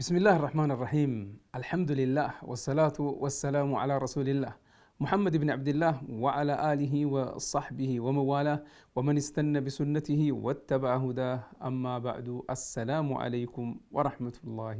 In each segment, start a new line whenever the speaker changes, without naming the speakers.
بسم الله الرحمن الرحيم الحمد لله والصلاة والسلام على رسول الله محمد بن عبد الله وعلى آله وصحبه وموالاه ومن استنى بسنته واتبع هداه أما بعد السلام عليكم ورحمة الله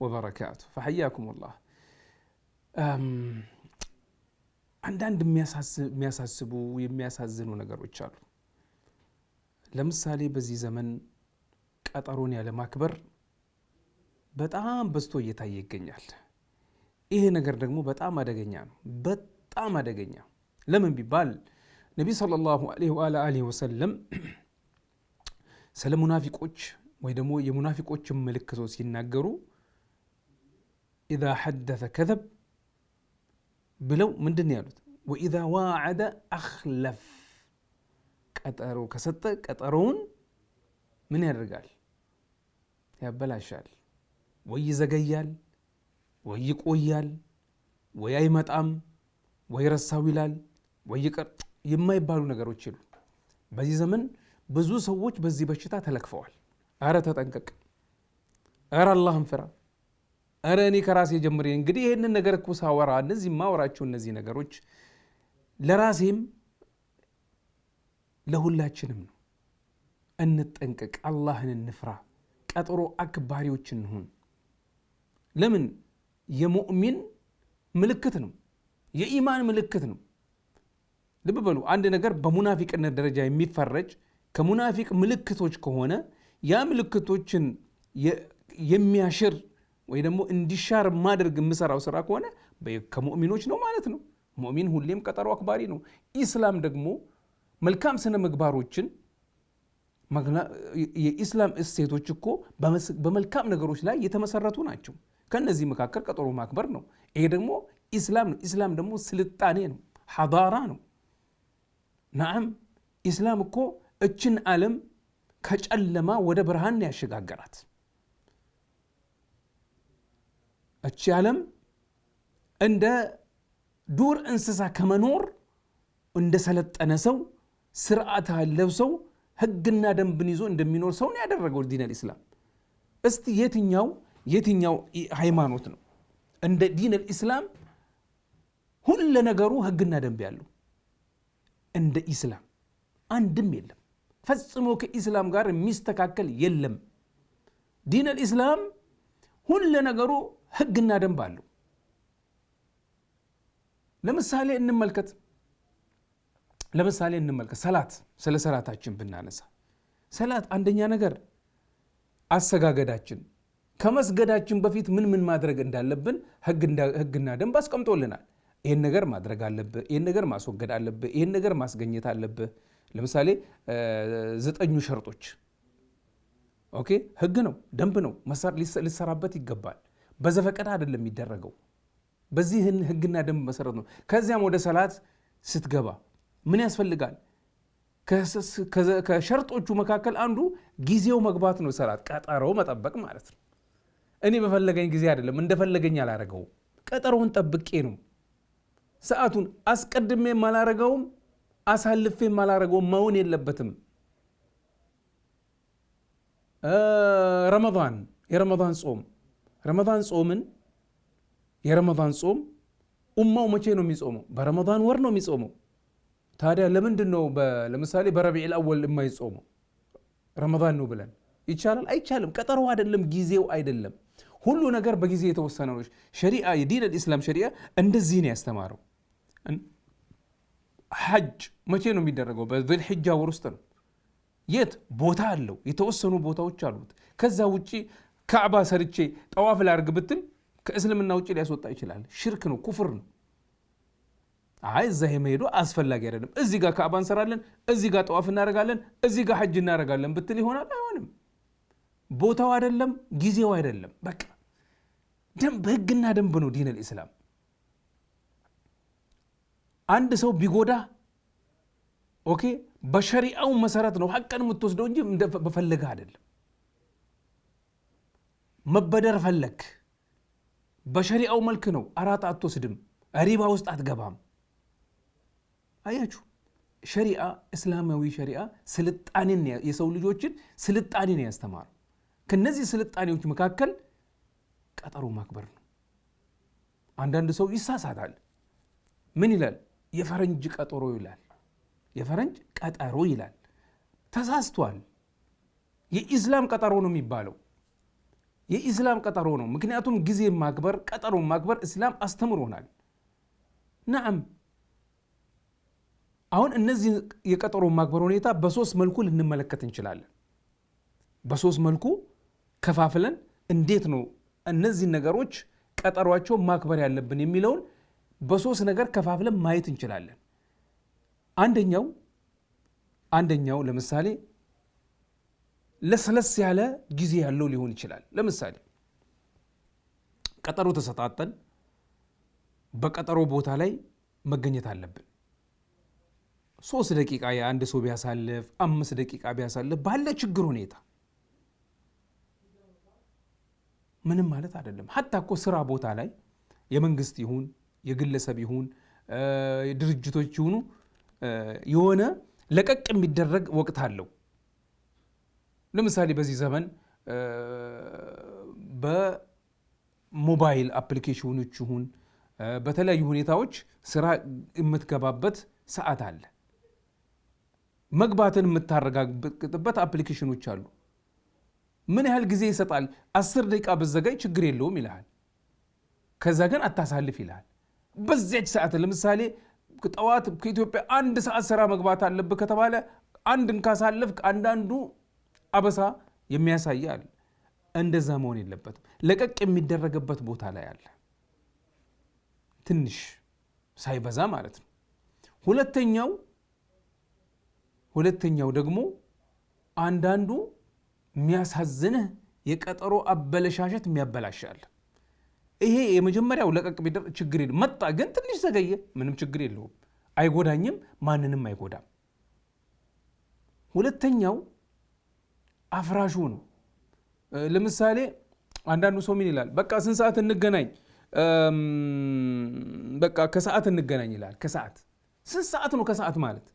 وبركاته فحياكم الله አንዳንድ የሚያሳስቡ የሚያሳዝኑ ነገሮች አሉ ለምሳሌ በዚህ ዘመን ቀጠሮን ያለማክበር በጣም በዝቶ እየታየ ይገኛል። ይሄ ነገር ደግሞ በጣም አደገኛ ነው። በጣም አደገኛ ለምን ቢባል ነቢይ ሰለላሁ ዐለይሂ ወሰለም ስለ ሙናፊቆች ወይ ደግሞ የሙናፊቆችን ምልክቶች ሲናገሩ ኢዛ ሐደተ ከዘብ ብለው ምንድን ነው ያሉት? ወኢዛ ዋዓደ አኽለፍ፣ ቀጠሮ ከሰጠ ቀጠሮውን ምን ያደርጋል? ያበላሻል። ወይ ይዘገያል፣ ወይ ይቆያል፣ ወይ አይመጣም፣ ወይ ረሳው ይላል፣ ወይ ይቀር የማይባሉ ነገሮች የሉ። በዚህ ዘመን ብዙ ሰዎች በዚህ በሽታ ተለክፈዋል። አረ ተጠንቀቅ፣ አረ አላህን ፍራ፣ አረ እኔ ከራሴ ጀምሬ እንግዲህ ይህንን ነገር እኮ ሳወራ እነዚህ ማወራቸው እነዚህ ነገሮች ለራሴም ለሁላችንም ነው። እንጠንቀቅ፣ አላህን እንፍራ፣ ቀጠሮ አክባሪዎች እንሁን። ለምን የሙእሚን ምልክት ነው፣ የኢማን ምልክት ነው። ልብ በሉ፣ አንድ ነገር በሙናፊቅነት ደረጃ የሚፈረጅ ከሙናፊቅ ምልክቶች ከሆነ ያ ምልክቶችን የሚያሽር ወይ ደግሞ እንዲሻር ማድረግ የምሰራው ስራ ከሆነ ከሙእሚኖች ነው ማለት ነው። ሙእሚን ሁሌም ቀጠሮ አክባሪ ነው። ኢስላም ደግሞ መልካም ስነ ምግባሮችን የኢስላም እሴቶች እኮ በመልካም ነገሮች ላይ የተመሰረቱ ናቸው። ከነዚህ መካከል ቀጠሮ ማክበር ነው። ይሄ ደግሞ ኢስላም ነው። ኢስላም ደግሞ ስልጣኔ ነው፣ ሐዳራ ነው። ናም ኢስላም እኮ እችን ዓለም ከጨለማ ወደ ብርሃን ያሸጋገራት እቺ ዓለም እንደ ዱር እንስሳ ከመኖር እንደ ሰለጠነ ሰው ስርዓት ያለው ሰው ህግና ደንብን ይዞ እንደሚኖር ነው ያደረገው ዲን አልኢስላም። እስቲ የትኛው የትኛው ሃይማኖት ነው እንደ ዲን አልኢስላም ሁለ ነገሩ ህግና ደንብ ያለው እንደ ኢስላም አንድም የለም። ፈጽሞ ከኢስላም ጋር የሚስተካከል የለም። ዲን አልኢስላም ሁለ ነገሩ ህግና ደንብ አለው። ለምሳሌ እንመልከት ለምሳሌ እንመልከት ሰላት፣ ስለ ሰላታችን ብናነሳ ሰላት አንደኛ ነገር አሰጋገዳችን ከመስገዳችን በፊት ምን ምን ማድረግ እንዳለብን ህግና ደንብ አስቀምጦልናል። ይህን ነገር ማድረግ አለብህ፣ ይህን ነገር ማስወገድ አለብህ፣ ይህን ነገር ማስገኘት አለብህ። ለምሳሌ ዘጠኙ ሸርጦች ኦኬ፣ ነው፣ ደንብ ነው፣ ሊሰራበት ይገባል። በዘፈቀደ አይደለም የሚደረገው። በዚህን ህግና ደንብ መሰረት ነው። ከዚያም ወደ ሰላት ስትገባ ምን ያስፈልጋል? ከሸርጦቹ መካከል አንዱ ጊዜው መግባት ነው። ሰላት ቀጠሮ መጠበቅ ማለት ነው። እኔ በፈለገኝ ጊዜ አይደለም እንደፈለገኝ አላረገውም። ቀጠሮውን ጠብቄ ነው ሰዓቱን አስቀድሜ አላረገውም፣ አሳልፌ አላረገውም። መሆን የለበትም ረመዳን የረመዳን ጾም ረመዳን ጾምን የረመዳን ጾም ኡማው መቼ ነው የሚጾመው? በረመዳን ወር ነው የሚጾመው። ታዲያ ለምንድን ነው ለምሳሌ በረቢዕ አወል የማይጾመው? ረመዳን ነው ብለን ይቻላል? አይቻልም። ቀጠሮ አይደለም፣ ጊዜው አይደለም። ሁሉ ነገር በጊዜ የተወሰነ ነው። ሸሪዓ የዲን አልኢስላም ሸሪዓ እንደዚህ ነው ያስተማረው። ሐጅ መቼ ነው የሚደረገው? በዙልሕጃ ወር ውስጥ ነው። የት ቦታ አለው? የተወሰኑ ቦታዎች አሉት። ከዛ ውጭ ካዕባ ሰርቼ ጠዋፍ ላርግ ብትል ከእስልምና ውጭ ሊያስወጣ ይችላል። ሽርክ ነው፣ ኩፍር ነው። አይ እዛ የመሄዱ አስፈላጊ አይደለም። እዚ ጋር ካዕባ እንሰራለን፣ እዚህ ጋር ጠዋፍ እናደርጋለን፣ እዚ ጋር ሐጅ እናደርጋለን ብትል ይሆናል። አይሆንም። ቦታው አይደለም፣ ጊዜው አይደለም። በቃ በህግና ደንብ ነው ዲን ልእስላም። አንድ ሰው ቢጎዳ ኦኬ፣ በሸሪአው መሰረት ነው ሐቅን የምትወስደው እንጂ በፈለገ አይደለም። መበደር ፈለግ በሸሪአው መልክ ነው። አራት አትወስድም፣ ሪባ ውስጥ አትገባም። አያችሁ፣ ሸሪአ እስላማዊ ሸሪአ ስልጣኔን የሰው ልጆችን ስልጣኔን ያስተማሩ ከነዚህ ስልጣኔዎች መካከል ቀጠሮ ማክበር ነው። አንዳንድ ሰው ይሳሳታል። ምን ይላል? የፈረንጅ ቀጠሮ ይላል። የፈረንጅ ቀጠሮ ይላል። ተሳስቷል። የኢስላም ቀጠሮ ነው የሚባለው። የኢስላም ቀጠሮ ነው። ምክንያቱም ጊዜ ማክበር፣ ቀጠሮ ማክበር እስላም አስተምሮናል። ናም አሁን እነዚህ የቀጠሮ ማክበር ሁኔታ በሶስት መልኩ ልንመለከት እንችላለን። በሶስት መልኩ ከፋፍለን እንዴት ነው እነዚህን ነገሮች ቀጠሯቸው ማክበር ያለብን የሚለውን በሶስት ነገር ከፋፍለን ማየት እንችላለን። አንደኛው አንደኛው ለምሳሌ ለስለስ ያለ ጊዜ ያለው ሊሆን ይችላል። ለምሳሌ ቀጠሮ ተሰጣጠን በቀጠሮ ቦታ ላይ መገኘት አለብን። ሶስት ደቂቃ የአንድ ሰው ቢያሳልፍ፣ አምስት ደቂቃ ቢያሳልፍ ባለ ችግር ሁኔታ ምንም ማለት አይደለም። ሀታ እኮ ስራ ቦታ ላይ የመንግስት ይሁን የግለሰብ ይሁን ድርጅቶች ይሁኑ የሆነ ለቀቅ የሚደረግ ወቅት አለው። ለምሳሌ በዚህ ዘመን በሞባይል አፕሊኬሽኖች ይሁን በተለያዩ ሁኔታዎች ስራ የምትገባበት ሰዓት አለ። መግባትን የምታረጋግጥበት አፕሊኬሽኖች አሉ። ምን ያህል ጊዜ ይሰጣል? አስር ደቂቃ ብዘጋጅ ችግር የለውም ይልሃል። ከዛ ግን አታሳልፍ ይልሃል። በዚያች ሰዓት ለምሳሌ ጠዋት ከኢትዮጵያ አንድ ሰዓት ስራ መግባት አለብህ ከተባለ አንድን ካሳለፍክ አንዳንዱ አበሳ የሚያሳይ አለ። እንደዛ መሆን የለበትም። ለቀቅ የሚደረግበት ቦታ ላይ አለ፣ ትንሽ ሳይበዛ ማለት ነው። ሁለተኛው ሁለተኛው ደግሞ አንዳንዱ የሚያሳዝንህ የቀጠሮ አበለሻሸት የሚያበላሻል። ይሄ የመጀመሪያው ለቀቅ ቢደር ችግር የለም። መጣ ግን ትንሽ ዘገየ፣ ምንም ችግር የለውም፣ አይጎዳኝም፣ ማንንም አይጎዳም። ሁለተኛው አፍራሹ ነው። ለምሳሌ አንዳንዱ ሰው ምን ይላል? በቃ ስንት ሰዓት እንገናኝ፣ በቃ ከሰዓት እንገናኝ ይላል። ከሰዓት ስንት ሰዓት ነው? ከሰዓት ማለት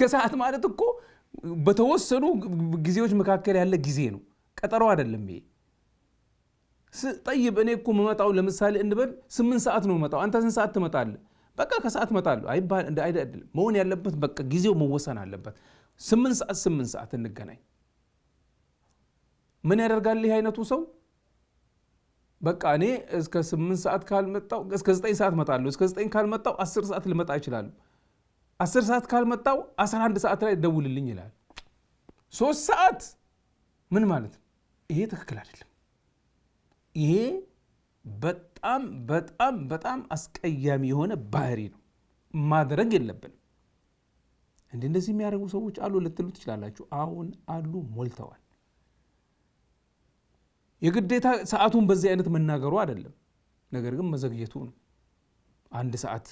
ከሰዓት ማለት እኮ በተወሰኑ ጊዜዎች መካከል ያለ ጊዜ ነው። ቀጠሮ አይደለም ይሄ። ጠይብ እኔ እኮ መመጣው ለምሳሌ እንበል ስምንት ሰዓት ነው መጣው፣ አንተ ስንት ሰዓት ትመጣለህ? በቃ ከሰዓት እመጣለሁ አይባል መሆን ያለበት በቃ ጊዜው መወሰን አለበት። ስምንት ሰዓት ስምንት ሰዓት እንገናኝ። ምን ያደርጋል ይህ አይነቱ ሰው? በቃ እኔ እስከ ስምንት ሰዓት ካልመጣው እስከ ዘጠኝ ሰዓት እመጣለሁ። እስከ ዘጠኝ ካልመጣው አስር ሰዓት ልመጣ እችላለሁ። አስር ሰዓት ካልመጣው አስራ አንድ ሰዓት ላይ ደውልልኝ ይላል። ሶስት ሰዓት ምን ማለት ነው? ይሄ ትክክል አይደለም። ይሄ በጣም በጣም በጣም አስቀያሚ የሆነ ባህሪ ነው። ማድረግ የለብንም። እንደ እንደዚህ የሚያደርጉ ሰዎች አሉ ልትሉ ትችላላችሁ። አሁን አሉ፣ ሞልተዋል። የግዴታ ሰዓቱን በዚህ አይነት መናገሩ አይደለም፣ ነገር ግን መዘግየቱ ነው። አንድ ሰዓት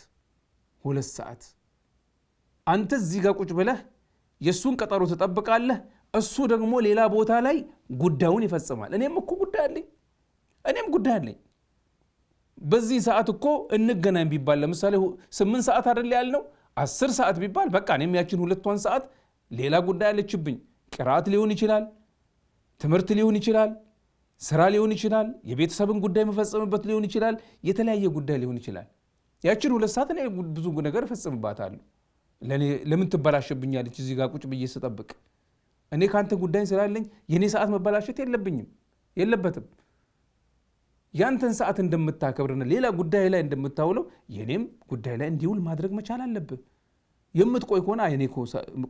ሁለት ሰዓት አንተ እዚህ ጋር ቁጭ ብለህ የእሱን ቀጠሮ ትጠብቃለህ፣ እሱ ደግሞ ሌላ ቦታ ላይ ጉዳዩን ይፈጽማል። እኔም እኮ ጉዳይ አለኝ፣ እኔም ጉዳይ አለኝ። በዚህ ሰዓት እኮ እንገናኝ ቢባል ለምሳሌ ስምንት ሰዓት አይደል ያልነው፣ አስር ሰዓት ቢባል በቃ እኔም ያችን ሁለቷን ሰዓት ሌላ ጉዳይ አለችብኝ። ቅራት ሊሆን ይችላል፣ ትምህርት ሊሆን ይችላል፣ ስራ ሊሆን ይችላል፣ የቤተሰብን ጉዳይ መፈጸምበት ሊሆን ይችላል፣ የተለያየ ጉዳይ ሊሆን ይችላል። ያችን ሁለት ሰዓት ብዙ ነገር እፈጽምባታለሁ። ለምን ትበላሽብኛለች? እዚህ ጋር ቁጭ ብዬ ስጠብቅ እኔ ከአንተ ጉዳይ ስላለኝ የእኔ ሰዓት መበላሸት የለብኝም የለበትም። ያንተን ሰዓት እንደምታከብርና ሌላ ጉዳይ ላይ እንደምታውለው የእኔም ጉዳይ ላይ እንዲውል ማድረግ መቻል አለብህ። የምትቆይ ከሆነ እኔ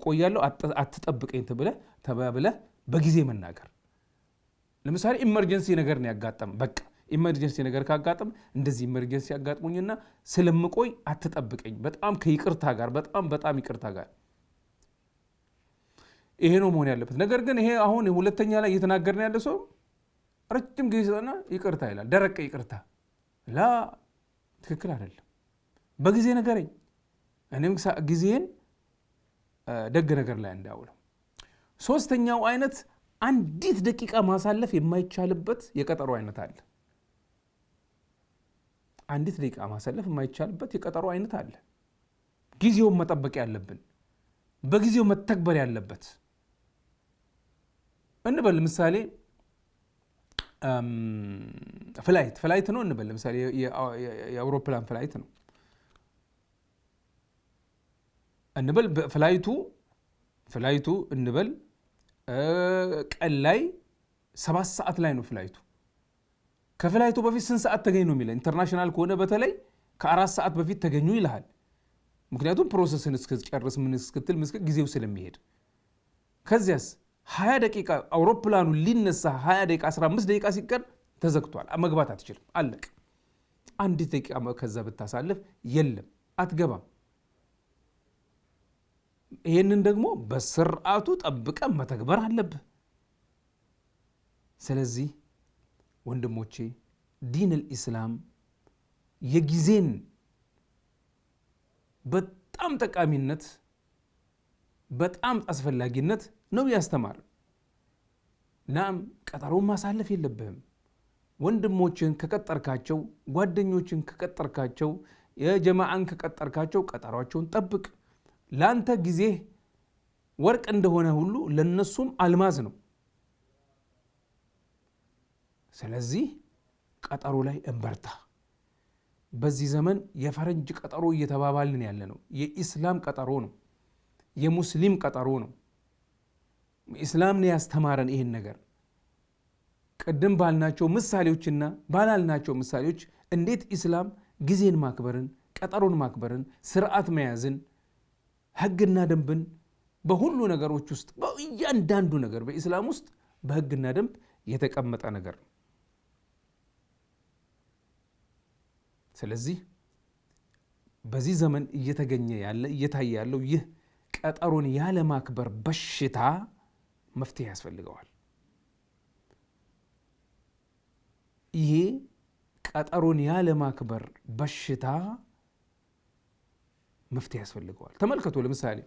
ቆያለሁ አትጠብቀኝ ብለህ ተባብለ በጊዜ መናገር። ለምሳሌ ኢመርጀንሲ ነገር ነው ያጋጠመ በቃ ኢመርጀንሲ ነገር ካጋጥም እንደዚህ ኢመርጀንሲ ያጋጥሙኝና ስለምቆይ አትጠብቀኝ። በጣም ከይቅርታ ጋር በጣም በጣም ይቅርታ ጋር ይሄ ነው መሆን ያለበት። ነገር ግን ይሄ አሁን ሁለተኛ ላይ እየተናገርን ያለ ሰው ረጅም ጊዜ ሰጠና ይቅርታ ይላል። ደረቀ ይቅርታ ላ ትክክል አይደለም። በጊዜ ነገረኝ፣ እኔም ጊዜን ደግ ነገር ላይ እንዳውለው። ሶስተኛው አይነት አንዲት ደቂቃ ማሳለፍ የማይቻልበት የቀጠሮ አይነት አለ። አንዲት ደቂቃ ማሳለፍ የማይቻልበት የቀጠሮ አይነት አለ። ጊዜውን መጠበቅ ያለብን በጊዜው መተግበር ያለበት እንበል ለምሳሌ ፍላይት ፍላይት ነው እንበል ለምሳሌ የአውሮፕላን ፍላይት ነው እንበል ፍላይቱ ፍላይቱ እንበል ቀን ላይ ሰባት ሰዓት ላይ ነው ፍላይቱ ከፍላይቱ በፊት ስንት ሰዓት ተገኝ ነው የሚለው። ኢንተርናሽናል ከሆነ በተለይ ከአራት ሰዓት በፊት ተገኙ ይልሃል። ምክንያቱም ፕሮሰስን እስክጨርስ ምን እስክትል ምስክ ጊዜው ስለሚሄድ ከዚያስ ሀያ ደቂቃ አውሮፕላኑ ሊነሳ ሀያ ደቂቃ አስራ አምስት ደቂቃ ሲቀር ተዘግቷል። መግባት አትችልም። አለቅ አንዲት ደቂቃ ከዛ ብታሳልፍ የለም አትገባም። ይህንን ደግሞ በስርዓቱ ጠብቀ መተግበር አለብህ። ስለዚህ ወንድሞቼ ዲንል ኢስላም የጊዜን በጣም ጠቃሚነት በጣም አስፈላጊነት ነው ያስተማር። ናም ቀጠሮን ማሳለፍ የለብህም። ወንድሞችን ከቀጠርካቸው፣ ጓደኞችን ከቀጠርካቸው፣ የጀማአን ከቀጠርካቸው ቀጠሯቸውን ጠብቅ። ለአንተ ጊዜ ወርቅ እንደሆነ ሁሉ ለነሱም አልማዝ ነው። ስለዚህ ቀጠሮ ላይ እንበርታ። በዚህ ዘመን የፈረንጅ ቀጠሮ እየተባባልን ያለ ነው። የኢስላም ቀጠሮ ነው፣ የሙስሊም ቀጠሮ ነው። ኢስላም ነው ያስተማረን ይሄን ነገር። ቅድም ባልናቸው ምሳሌዎችና ባላልናቸው ምሳሌዎች እንዴት ኢስላም ጊዜን ማክበርን፣ ቀጠሮን ማክበርን፣ ስርዓት መያዝን፣ ህግና ደንብን በሁሉ ነገሮች ውስጥ በእያንዳንዱ ነገር በኢስላም ውስጥ በህግና ደንብ የተቀመጠ ነገር ነው። ስለዚህ በዚህ ዘመን እየተገኘ ያለ እየታየ ያለው ይህ ቀጠሮን ያለ ማክበር በሽታ መፍትሄ ያስፈልገዋል። ይሄ ቀጠሮን ያለ ማክበር በሽታ መፍትሄ ያስፈልገዋል። ተመልከቱ፣ ለምሳሌ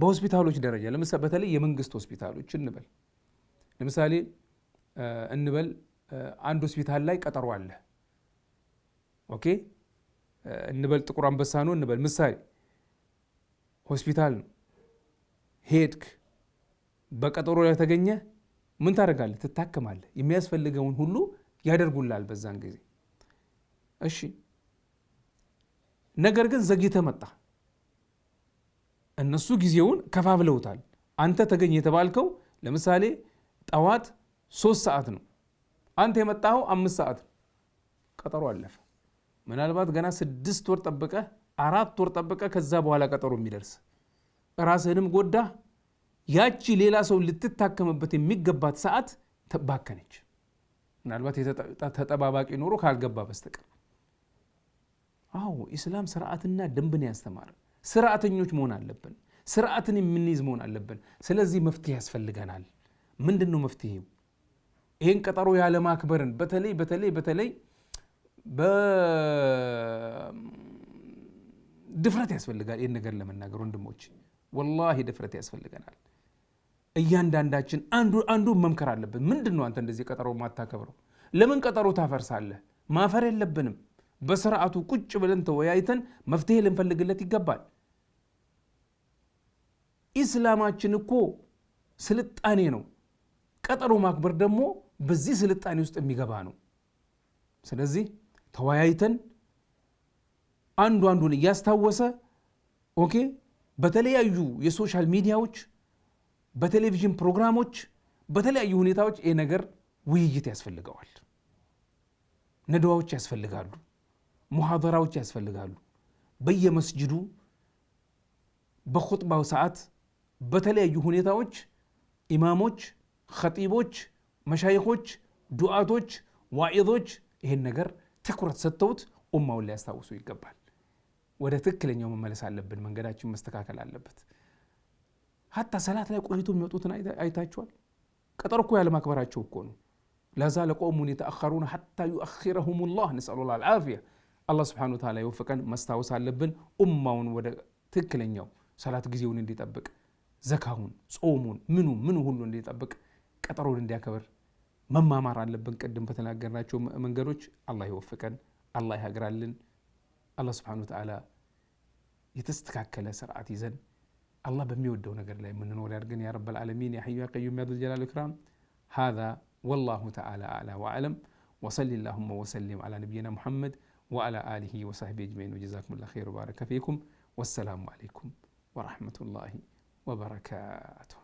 በሆስፒታሎች ደረጃ በተለይ የመንግስት ሆስፒታሎች እንበል ለምሳሌ እንበል አንድ ሆስፒታል ላይ ቀጠሮ አለ ኦኬ እንበል ጥቁር አንበሳ ነው እንበል ምሳሌ ሆስፒታል ነው ሄድክ በቀጠሮ ላይ ተገኘ ምን ታደርጋለህ ትታከማለህ የሚያስፈልገውን ሁሉ ያደርጉላል በዛን ጊዜ እሺ ነገር ግን ዘግይተህ መጣ እነሱ ጊዜውን ከፋፍለውታል አንተ ተገኝ የተባልከው ለምሳሌ ጠዋት ሶስት ሰዓት ነው አንተ የመጣኸው አምስት ሰዓት ነው ቀጠሮ አለፈ ምናልባት ገና ስድስት ወር ጠብቀ አራት ወር ጠብቀ ከዛ በኋላ ቀጠሮ የሚደርስ ራስህንም ጎዳ። ያቺ ሌላ ሰው ልትታከምበት የሚገባት ሰዓት ተባከነች። ምናልባት ተጠባባቂ ኖሮ ካልገባ በስተቀር አዎ፣ ኢስላም ስርዓትና ደንብን ያስተማረ ስርዓተኞች መሆን አለብን። ስርዓትን የምንይዝ መሆን አለብን። ስለዚህ መፍትሄ ያስፈልገናል። ምንድን ነው መፍትሄው? ይህን ቀጠሮ ያለማክበርን በተለይ በተለይ በተለይ ድፍረት ያስፈልጋል። ይህን ነገር ለመናገር ወንድሞች፣ ወላሂ ድፍረት ያስፈልገናል። እያንዳንዳችን አንዱ አንዱን መምከር አለብን። ምንድን ነው አንተ እንደዚህ ቀጠሮ ማታከብረው? ለምን ቀጠሮ ታፈርሳለህ? ማፈር የለብንም። በስርዓቱ ቁጭ ብለን ተወያይተን መፍትሄ ልንፈልግለት ይገባል። ኢስላማችን እኮ ስልጣኔ ነው። ቀጠሮ ማክበር ደግሞ በዚህ ስልጣኔ ውስጥ የሚገባ ነው። ስለዚህ ተወያይተን አንዱ አንዱን እያስታወሰ ኦኬ፣ በተለያዩ የሶሻል ሚዲያዎች፣ በቴሌቪዥን ፕሮግራሞች፣ በተለያዩ ሁኔታዎች ይሄ ነገር ውይይት ያስፈልገዋል። ነድዋዎች ያስፈልጋሉ። ሙሐደራዎች ያስፈልጋሉ። በየመስጅዱ በኹጥባው ሰዓት በተለያዩ ሁኔታዎች ኢማሞች፣ ኸጢቦች፣ መሻይኾች፣ ዱዓቶች፣ ዋኢዞች ይሄን ነገር ትኩረት ሰጥተውት ኡማውን ሊያስታውሱ ይገባል። ወደ ትክክለኛው መመለስ አለብን። መንገዳችን መስተካከል አለበት። ሀታ ሰላት ላይ ቆይቶ የሚወጡትን አይታችኋል። ቀጠሮ እኮ ያለማክበራቸው እኮ ነው። ለዛ ለቆሙን የተአኸሩን ሀታ ዩአኪረሁም ላህ ነስአሉ ላ አልዓፊያ። አላህ ስብሓነ ወተዓላ የወፈቀን መስታወስ አለብን። ኡማውን ወደ ትክክለኛው ሰላት ጊዜውን እንዲጠብቅ፣ ዘካሁን ጾሙን፣ ምኑ ምኑ ሁሉ እንዲጠብቅ፣ ቀጠሮውን እንዲያከብር መማማር አለብን። ቅድም በተናገርናቸው መንገዶች አላህ ይወፍቀን፣ አላህ ይሀግራልን። አላህ ስብሓነሁ ወተዓላ የተስተካከለ ስርዓት ይዘን አላህ በሚወደው ነገር ላይ የምንኖር ያድርገን። ያ ረበል ዓለሚን ያ ሐዩ ያ ቀዩም ያ ዘል ወልኢክራም። ሃዛ ወላሁ ተዓላ አዕላ ወአዕለም። ወሰሊ ላሁመ ወሰሊም አላ ነቢይና ሙሐመድ ወአላ አሊሂ ወሳህቢ አጅመዒን። ወጀዛኩሙላ ኸይር ወባረከ ፊኩም። ወሰላሙ ዓለይኩም ወረሕመቱላሂ ወበረካቱሁ።